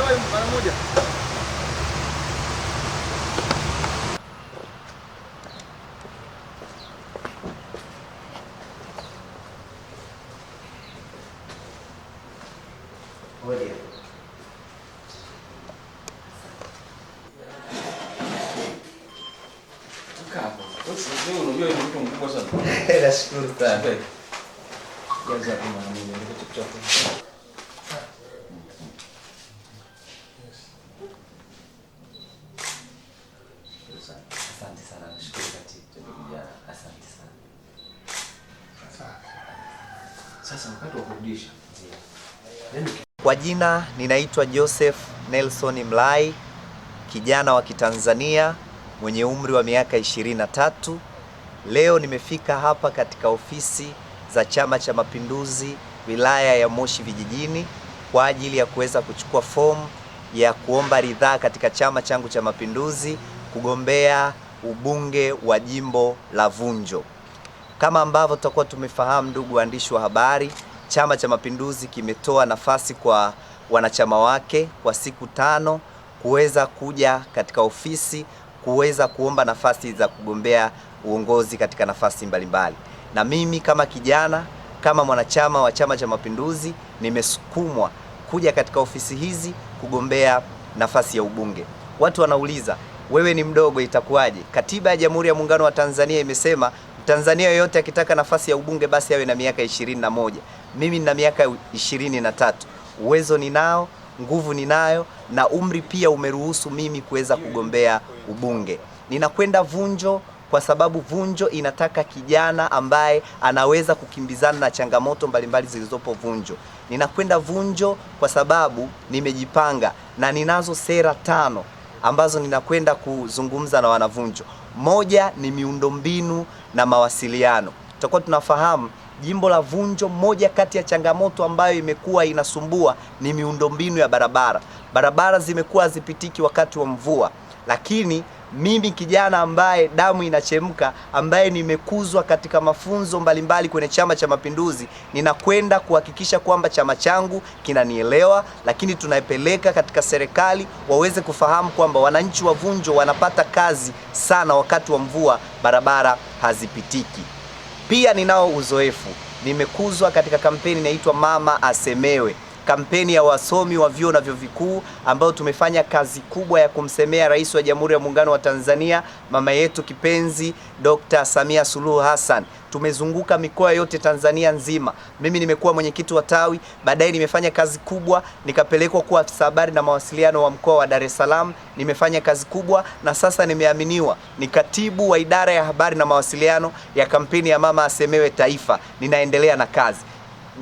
Давай, Армудя. Olha. Era escuro, tá? Quer dizer, mano, eu vou te Asante sana, nashukuru vijana, asante sana. Sasa wakati wa kurudisha. Kwa jina ninaitwa Joseph Nelson Mlai, kijana wa Kitanzania mwenye umri wa miaka 23. Leo nimefika hapa katika ofisi za Chama cha Mapinduzi wilaya ya Moshi vijijini kwa ajili ya kuweza kuchukua fomu ya kuomba ridhaa katika chama changu cha Mapinduzi kugombea ubunge wa jimbo la Vunjo. Kama ambavyo tutakuwa tumefahamu, ndugu waandishi wa habari, Chama cha Mapinduzi kimetoa nafasi kwa wanachama wake kwa siku tano kuweza kuja katika ofisi kuweza kuomba nafasi za kugombea uongozi katika nafasi mbalimbali mbali. Na mimi kama kijana kama mwanachama wa Chama cha Mapinduzi nimesukumwa kuja katika ofisi hizi kugombea nafasi ya ubunge. Watu wanauliza wewe ni mdogo, itakuwaje? Katiba ya Jamhuri ya Muungano wa Tanzania imesema Mtanzania yoyote akitaka nafasi ya ubunge basi awe na miaka ishirini na moja. Mimi nina miaka ishirini na tatu. Uwezo ninao, nguvu ninayo, na umri pia umeruhusu mimi kuweza kugombea ubunge. Ninakwenda Vunjo kwa sababu Vunjo inataka kijana ambaye anaweza kukimbizana na changamoto mbalimbali zilizopo Vunjo. Ninakwenda Vunjo kwa sababu nimejipanga na ninazo sera tano ambazo ninakwenda kuzungumza na Wanavunjo. Moja ni miundombinu na mawasiliano. Tutakuwa tunafahamu jimbo la Vunjo, moja kati ya changamoto ambayo imekuwa inasumbua ni miundombinu ya barabara. Barabara zimekuwa hazipitiki wakati wa mvua, lakini mimi kijana ambaye damu inachemka, ambaye nimekuzwa katika mafunzo mbalimbali kwenye Chama cha Mapinduzi, ninakwenda kuhakikisha kwamba chama changu kinanielewa, lakini tunaipeleka katika serikali waweze kufahamu kwamba wananchi wa Vunjo wanapata kazi sana wakati wa mvua, barabara hazipitiki. Pia ninao uzoefu, nimekuzwa katika kampeni inaitwa Mama Asemewe kampeni ya wasomi wa vyuo na vyuo vikuu ambayo tumefanya kazi kubwa ya kumsemea Rais wa Jamhuri ya Muungano wa Tanzania, mama yetu kipenzi Dr. Samia Suluhu Hassan. Tumezunguka mikoa yote Tanzania nzima. Mimi nimekuwa mwenyekiti wa tawi, baadaye nimefanya kazi kubwa, nikapelekwa kuwa afisa habari na mawasiliano wa mkoa wa Dar es Salaam. Nimefanya kazi kubwa na sasa nimeaminiwa ni katibu wa idara ya habari na mawasiliano ya kampeni ya mama asemewe taifa. Ninaendelea na kazi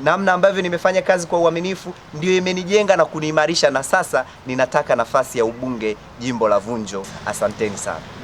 namna ambavyo nimefanya kazi kwa uaminifu ndiyo imenijenga na kuniimarisha, na sasa ninataka nafasi ya ubunge jimbo la Vunjo. Asanteni sana.